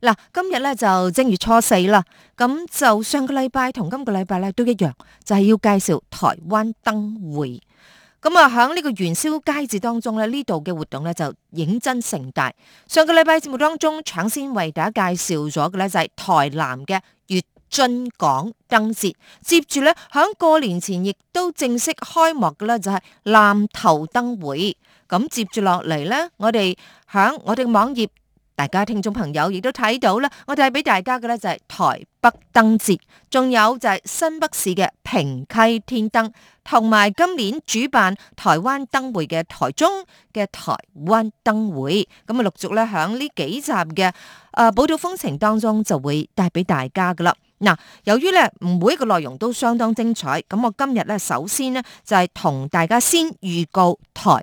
嗱，今日咧就正月初四啦，咁就上個禮拜同今個禮拜咧都一樣，就係要介紹台灣燈會。咁啊，喺呢個元宵佳節當中咧，呢度嘅活動咧就認真盛大。上個禮拜節目當中搶先為大家介紹咗嘅咧就係台南嘅月津港燈節，接住咧喺過年前亦都正式開幕嘅咧就係南投燈會。咁接住落嚟咧，我哋響我哋網頁。大家聽眾朋友亦都睇到啦，我帶俾大家嘅咧就係台北燈節，仲有就係新北市嘅平溪天燈，同埋今年主辦台灣燈會嘅台中嘅台灣燈會，咁啊陸續咧響呢幾集嘅誒寶島風情當中就會帶俾大家噶啦。嗱，由於咧唔每一個內容都相當精彩，咁我今日咧首先呢就係同大家先預告台。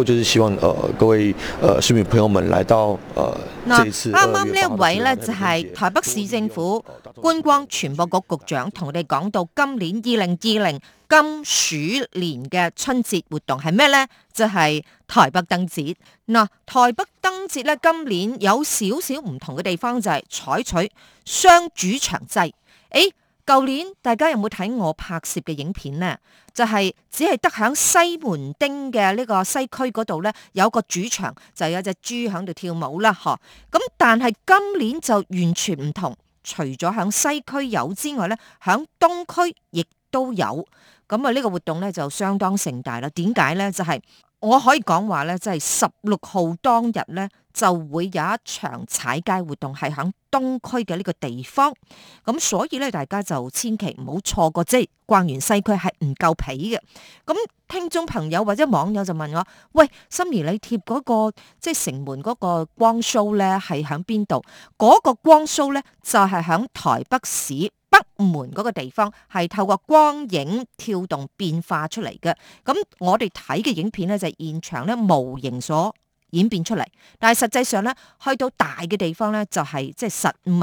我就是希望，誒各位誒市民朋友們，來到誒這次。嗱，啱啱呢一位呢，就係台北市政府觀光傳播局局長，同我哋講到今年二零二零金鼠年嘅春節活動係咩呢？就係台北燈節。嗱，台北燈節呢，今年有少少唔同嘅地方就係採取雙主場制。誒。舊年大家有冇睇我拍攝嘅影片呢？就係、是、只係得響西門町嘅呢個西區嗰度呢，有個主場就有一隻豬喺度跳舞啦，嗬！咁但係今年就完全唔同，除咗響西區有之外呢，響東區亦都有。咁啊，呢個活動咧就相當盛大啦。點解咧？就係、是、我可以講話咧，即係十六號當日咧，就會有一場踩街活動，係響東區嘅呢個地方。咁所以咧，大家就千祈唔好錯過，即係逛完西區係唔夠皮嘅。咁聽眾朋友或者網友就問我：喂，心儀你貼嗰個即係、就是、城門嗰個光 show 咧，係響邊度？嗰個光 show 咧就係響台北市。門嗰個地方係透過光影跳動變化出嚟嘅，咁我哋睇嘅影片咧就係現場咧模型所演變出嚟，但係實際上咧去到大嘅地方咧就係即係實物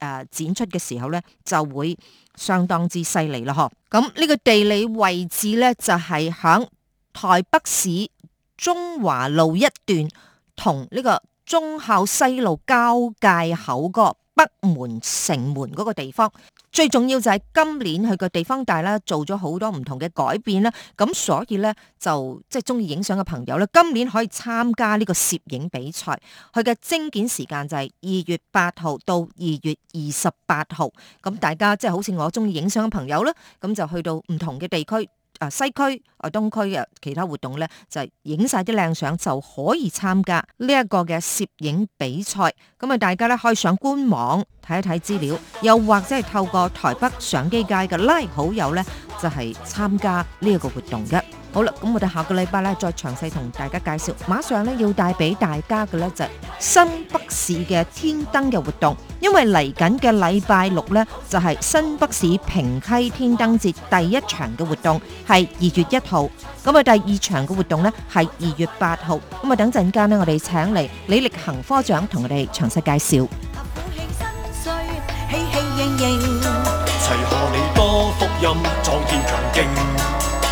誒展出嘅時候咧就會相當之犀利啦。嗬，咁呢個地理位置咧就係響台北市中華路一段同呢個忠孝西路交界口嗰個北門城門嗰個地方。最重要就係今年去個地方大啦，做咗好多唔同嘅改變啦，咁所以咧就即係中意影相嘅朋友咧，今年可以參加呢個攝影比賽，佢嘅徵件時間就係二月八號到二月二十八號，咁大家即係、就是、好似我中意影相嘅朋友啦咁就去到唔同嘅地區。啊，西區、啊東區其他活動咧，就影晒啲靚相就可以參加呢一個嘅攝影比賽。咁啊，大家咧可以上官網睇一睇資料，又或者係透過台北相機界嘅 like 好友咧，就係、是、參加呢一個活動嘅。好啦，咁我哋下個禮拜咧，再詳細同大家介紹。馬上咧要帶俾大家嘅咧就係新北市嘅天燈嘅活動，因為嚟緊嘅禮拜六咧就係新北市平溪天燈節第一場嘅活動，係二月一號。咁啊，第二場嘅活動咧係二月八號。咁啊，等陣間咧，我哋請嚟李力恒科長同我哋詳細介紹。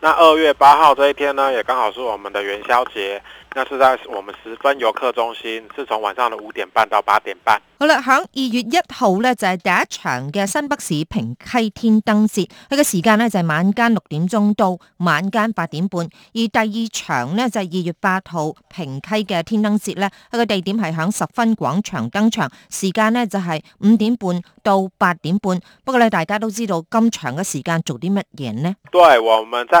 2 那二月八號這一天呢，也剛好是我們的元宵節。那是在我們十分遊客中心，是從晚上的五點半到八點半。好啦，響二月一號呢，就係、是、第一場嘅新北市平溪天燈節，佢嘅時間呢，就係、是、晚間六點鐘到晚間八點半。而第二場呢，就係、是、二月八號平溪嘅天燈節呢，佢個地點係響十分廣場登場，時間呢，就係、是、五點半到八點半。不過呢，大家都知道咁長嘅時間做啲乜嘢呢？都係我們在。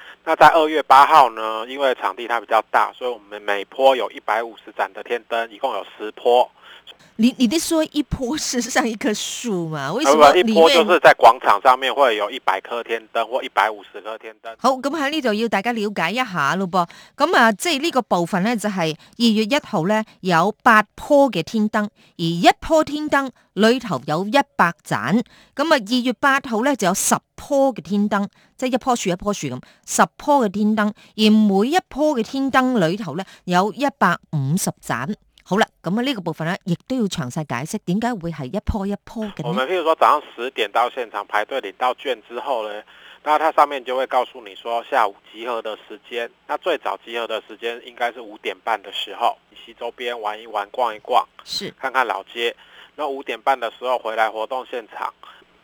那在二月八號呢？因為場地它比較大，所以我們每坡有一百五十盞的天燈，一共有十棵。你你的說一棵是上一棵樹嘛？為什麼？一棵就是在廣場上面會有一百顆天燈或一百五十顆天燈。天燈好，咁喺呢度要大家了解一下咯噃。咁啊，即係呢個部分呢，就係二月一號呢有八棵嘅天燈，而一棵天燈裏頭有一百盞。咁啊二月八號呢就有十棵嘅天燈。即係一棵樹一棵樹咁，十棵嘅天燈，而每一棵嘅天燈裏頭呢，有一百五十盞。好啦，咁啊呢個部分呢，亦都要詳細解釋點解會係一棵一棵嘅。我們譬如說早上十點到現場排隊領到券之後呢，那它上面就會告訴你說下午集合的時間。那最早集合的時間應該是五點半的時候，以西周邊玩一玩逛一逛，是看看老街。那五點半的時候回來活動現場。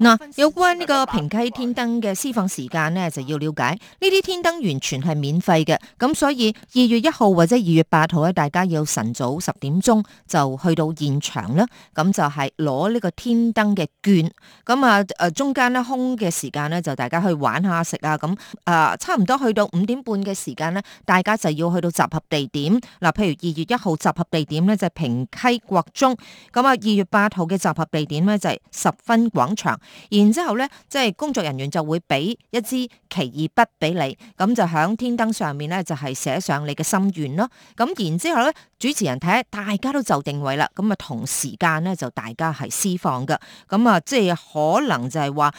嗱，有關呢個平溪天燈嘅施放時間呢，就要了解。呢啲天燈完全係免費嘅，咁所以二月一號或者二月八號咧，大家要晨早十點鐘就去到現場啦。咁就係攞呢個天燈嘅券。咁啊，誒中間咧空嘅時間呢，就大家去玩一下食啊。咁啊，差唔多去到五點半嘅時間呢，大家就要去到集合地點。嗱，譬如二月一號集合地點呢，就係平溪國中。咁啊，二月八號嘅集合地點呢，就係十分廣場。然之後咧，即係工作人員就會俾一支奇異筆俾你，咁就喺天燈上面咧，就係、是、寫上你嘅心願咯。咁然之後咧，主持人睇下大家都就定位啦，咁啊同時間咧就大家係私放㗎。咁啊即係可能就係話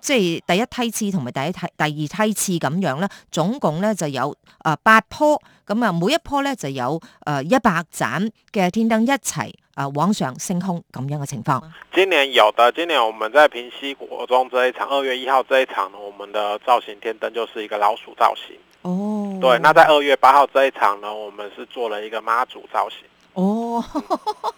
即係第一梯次同埋第一梯第二梯次咁樣咧，總共咧就有啊、呃、八波。咁啊，每一波咧就有誒一百盞嘅天燈一齊啊往上升空咁樣嘅情況。今年有的，今年我們在平溪國中這一場二月一號這一場，我們的造型天燈就是一個老鼠造型。哦，oh. 對，那在二月八號這一場呢，我們是做了一個媽祖造型。哦，oh.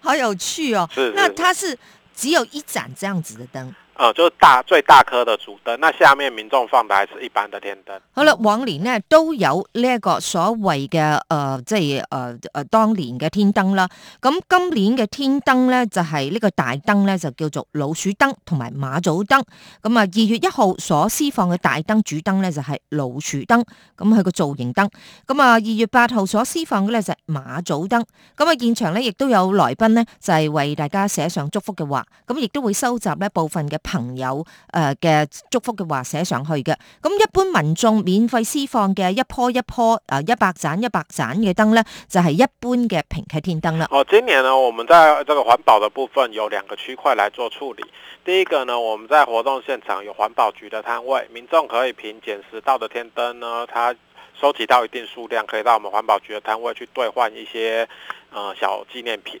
好有趣哦，是是那它是只有一盞這樣子的燈。啊、嗯，就是、大最大顆的主燈，那下面民眾放的還是一般的天燈。好啦，往年呢都有呢一個所謂嘅，誒、呃，即係誒誒當年嘅天燈啦。咁今年嘅天燈呢，就係、是、呢個大燈呢就叫做老鼠燈同埋馬祖燈。咁啊，二月一號所施放嘅大燈主燈呢，就係、是、老鼠燈，咁佢個造型燈。咁啊，二月八號所施放嘅呢，就係、是、馬祖燈。咁啊，現場呢，亦都有來賓呢，就係、是、為大家寫上祝福嘅話，咁亦都會收集呢部分嘅。朋友誒嘅祝福嘅話寫上去嘅，咁一般民眾免費施放嘅一棵一棵，誒一百盞一百盞嘅燈咧，就係、是、一般嘅平溪天燈啦。哦，今年呢，我們在這個環保的部分有兩個區塊來做處理。第一個呢，我們在活動現場有環保局的攤位，民眾可以憑撿拾到的天燈呢，它收集到一定數量，可以到我們環保局的攤位去兌換一些、呃、小紀念品。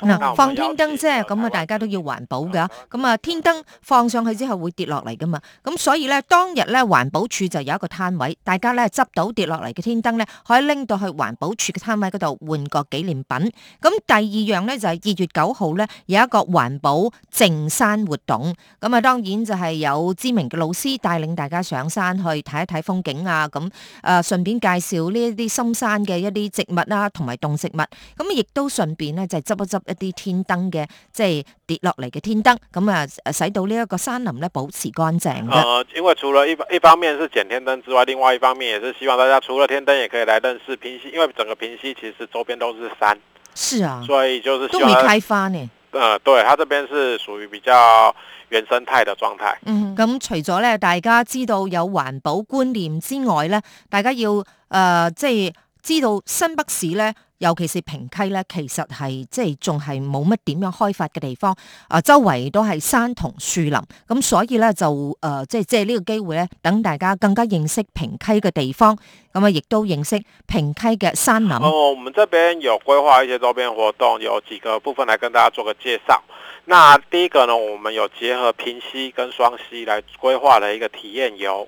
嗱，放天燈啫，咁啊，大家都要環保噶。咁啊，天燈放上去之後會跌落嚟噶嘛，咁所以咧，當日咧環保處就有一個攤位，大家咧執到跌落嚟嘅天燈咧，可以拎到去環保處嘅攤位嗰度換個紀念品。咁第二樣咧就係二月九號咧有一個環保淨山活動。咁啊，當然就係有知名嘅老師帶領大家上山去睇一睇風景啊，咁誒順便介紹呢一啲深山嘅一啲植物啦，同埋動植物。咁啊，亦都順便咧就執一執。一啲天燈嘅，即係跌落嚟嘅天燈，咁啊，使到呢一個山林咧保持乾淨。誒、呃，因為除咗一一方面係剪天燈之外，另外一方面也是希望大家除了天燈也可以來認識平溪，因為整個平溪其實周邊都是山，是啊，所以就是都未開發呢。誒、呃，對，它這邊是屬於比較原生態的狀態、嗯嗯。嗯，咁、嗯、除咗咧，大家知道有環保觀念之外咧，大家要誒、呃，即係。知道新北市咧，尤其是平溪咧，其實係即係仲係冇乜點樣開發嘅地方，啊，周圍都係山同樹林，咁所以咧就誒、呃，即係即係呢個機會咧，等大家更加認識平溪嘅地方，咁啊，亦都認識平溪嘅山林。哦、呃，我們這邊有規劃一些周邊活動，有幾個部分來跟大家做個介紹。嗱，第一個呢，我們有結合平溪跟雙溪來規劃來一個體驗遊。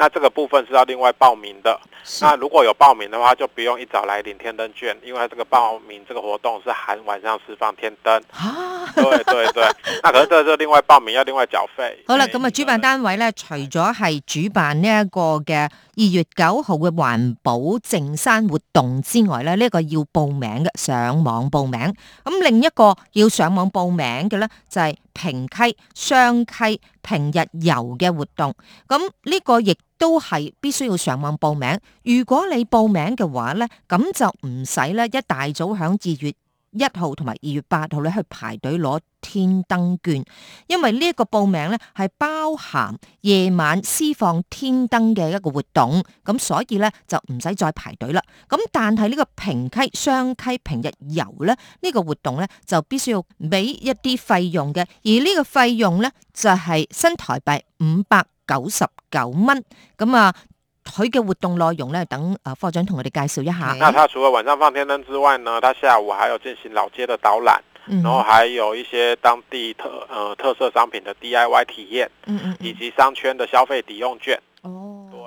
那這個部分是要另外報名的。那如果有報名的話，就不用一早來領天燈券，因為這個報名這個活動是喺晚上釋放天燈。蛤對對對，那可是這是另外報名要另外繳費。好啦，咁啊主辦單位咧，對除咗係主辦呢一個嘅二月九號嘅環保淨山活動之外咧，呢、這、一個要報名嘅，上網報名。咁另一個要上網報名嘅咧，就係、是、平溪雙溪平日遊嘅活動。咁呢個亦。都係必須要上網報名。如果你報名嘅話咧，咁就唔使咧一大早響二月一號同埋二月八號咧去排隊攞天燈券，因為呢一個報名咧係包含夜晚施放天燈嘅一個活動，咁所以咧就唔使再排隊啦。咁但係呢個平溪雙溪平日遊咧呢個活動咧就必須要俾一啲費用嘅，而呢個費用咧就係新台幣五百。九十九蚊，咁啊，佢嘅活動內容咧，等啊科長同我哋介紹一下。那他除了晚上放天燈之外呢，他下午還有進行老街的導覽，然後還有一些當地特呃特色商品的 DIY 體驗，嗯嗯，以及商圈的消費抵用券。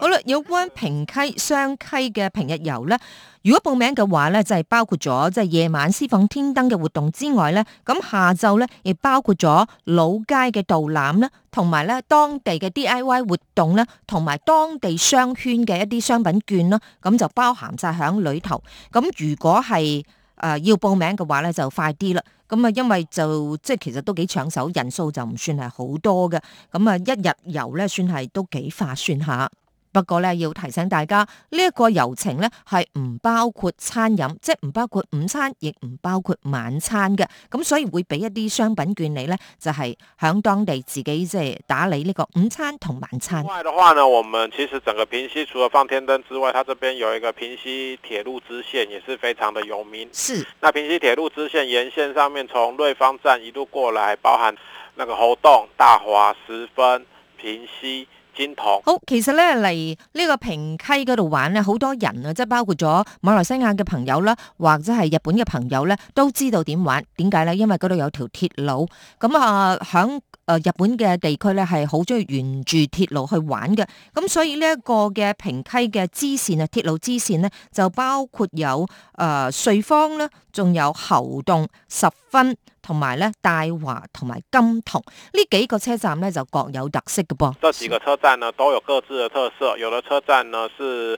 好啦，有關平溪雙溪嘅平日遊咧，如果報名嘅話咧，就係、是、包括咗即係夜晚施放天燈嘅活動之外咧，咁下晝咧亦包括咗老街嘅導覽啦，同埋咧當地嘅 DIY 活動咧，同埋當地商圈嘅一啲商品券啦，咁就包含晒喺裏頭。咁如果係、呃、要報名嘅話咧，就快啲啦。咁啊，因為就即係其實都幾搶手，人數就唔算係好多嘅。咁啊，一日遊咧，算係都幾划算下。不過呢，要提醒大家，這個、遊情呢一個遊程呢係唔包括餐飲，即係唔包括午餐，亦唔包括晚餐嘅。咁所以會俾一啲商品券你呢，就係、是、喺當地自己即係打理呢個午餐同晚餐。另外的話呢，我們其實整個平溪，除了放天燈之外，它這邊有一個平溪鐵路支線，也是非常的有名。是。那平溪鐵路支線沿線上面，從瑞芳站一路過來，包含那個猴洞大華、十分、平溪。好，其實咧嚟呢個平溪嗰度玩咧，好多人啊，即係包括咗馬來西亞嘅朋友啦，或者係日本嘅朋友咧，都知道點玩？點解咧？因為嗰度有條鐵路，咁、嗯、啊，響、呃、誒日本嘅地區咧係好中意沿住鐵路去玩嘅。咁、嗯、所以呢一個嘅平溪嘅支線啊，鐵路支線咧就包括有誒瑞、呃、芳啦，仲有猴硐、十分。同埋呢大華同埋菁桐呢幾個車站呢就各有特色㗎噃。這幾個車站呢都有各自嘅特色，有啲車站呢係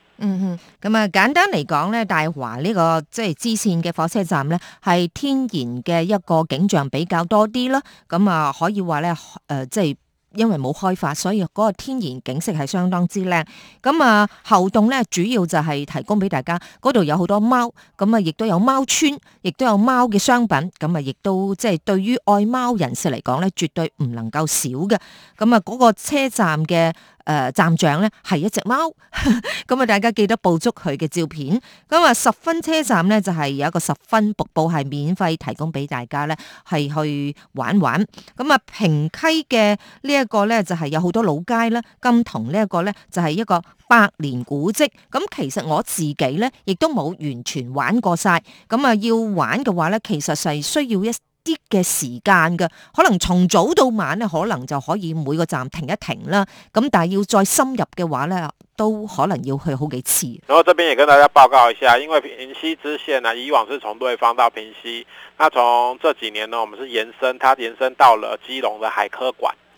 嗯哼，咁啊，簡單嚟講咧，大華呢個即係支線嘅火車站咧，係天然嘅一個景象比較多啲咯。咁啊，可以話咧，誒，即係因為冇開發，所以嗰個天然景色係相當之靚。咁啊，猴硐咧，主要就係提供俾大家，嗰度有好多貓，咁啊，亦都有貓村，亦都有貓嘅商品，咁啊，亦都即係對於愛貓人士嚟講咧，絕對唔能夠少嘅。咁啊，嗰個車站嘅。誒、呃、站長咧係一隻貓，咁 啊，大家記得捕捉佢嘅照片。咁啊，十分車站咧就係、是、有一個十分瀑布係免費提供俾大家咧，係去玩玩。咁啊，平溪嘅呢一個咧就係、是、有好多老街啦，菁桐呢一個咧就係、是、一個百年古蹟。咁其實我自己咧亦都冇完全玩過晒。咁啊要玩嘅話咧，其實係需要一。啲嘅時間嘅，可能從早到晚咧，可能就可以每個站停一停啦。咁但係要再深入嘅話咧，都可能要去好幾次。然後，這邊也跟大家報告一下，因為平溪支線啊，以往是從瑞芳到平溪，那從這幾年呢，我們是延伸，它延伸到了基隆的海科館。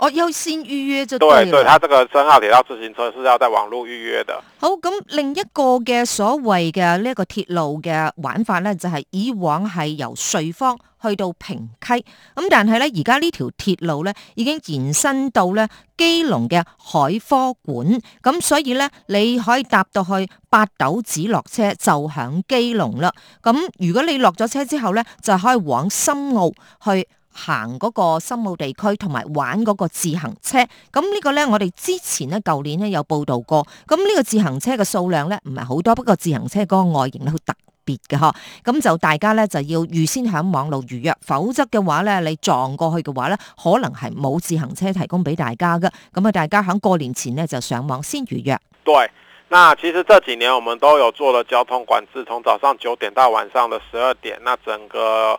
我優先預約就對。對，對，他這個深澳鐵道自行車是要在網絡預約的。好，咁、嗯、另一個嘅所謂嘅呢個鐵路嘅玩法呢就係、是、以往係由瑞芳去到平溪，咁、嗯、但係呢而家呢條鐵路呢已經延伸到呢基隆嘅海科館，咁、嗯、所以呢你可以搭到去八斗子落車就響基隆啦。咁、嗯、如果你落咗車之後呢就可以往深澳去。行嗰個深澳地區同埋玩嗰個自行車，咁呢個呢，我哋之前呢，舊年呢有報道過，咁呢個自行車嘅數量呢，唔係好多，不過自行車嗰個外形呢，好特別嘅嗬，咁就大家呢，就要預先喺網路預約，否則嘅話呢，你撞過去嘅話呢，可能係冇自行車提供俾大家嘅，咁啊大家喺過年前呢，就上網先預約。對，那其實這幾年我們都有做了交通管制，從早上九點到晚上的十二點，那整個。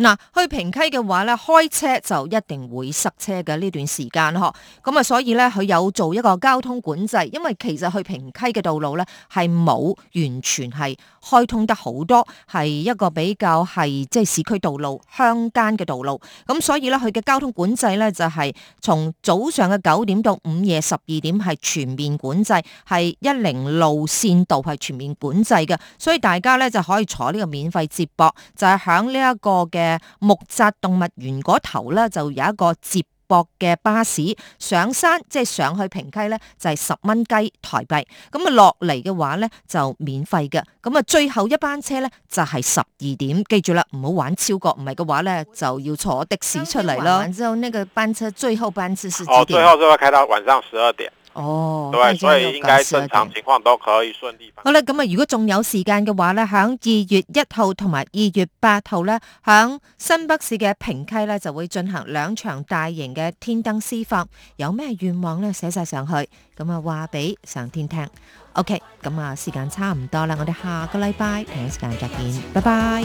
嗱，去平溪嘅話咧，開車就一定會塞車嘅呢段時間呵。咁啊，所以咧佢有做一個交通管制，因為其實去平溪嘅道路咧係冇完全係開通得好多，係一個比較係即係市區道路、鄉間嘅道路。咁所以咧佢嘅交通管制咧就係、是、從早上嘅九點到午夜十二點係全面管制，係一零路線道係全面管制嘅。所以大家咧就可以坐呢個免費接駁，就係喺呢一個嘅。木扎動物園嗰頭咧就有一個接駁嘅巴士上山，即係上去平溪咧就係十蚊雞台幣。咁啊落嚟嘅話咧就免費嘅。咁啊最後一班車咧就係十二點，記住啦，唔好玩超過，唔係嘅話咧就要坐的士出嚟咯。玩完之後，呢個班車最後班次是幾點？哦，最後都要開到晚上十二點。哦，對所以應該正常情況都可以順利。嗯、好啦，咁啊，如果仲有時間嘅話呢，喺二月一號同埋二月八號呢，喺新北市嘅平溪呢，就會進行兩場大型嘅天燈施放，有咩願望呢？寫晒上去，咁啊話俾上天聽。OK，咁啊時間差唔多啦，我哋下個禮拜同一時間再見，拜拜。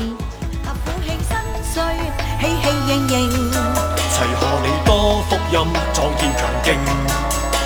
新喜你多福音，再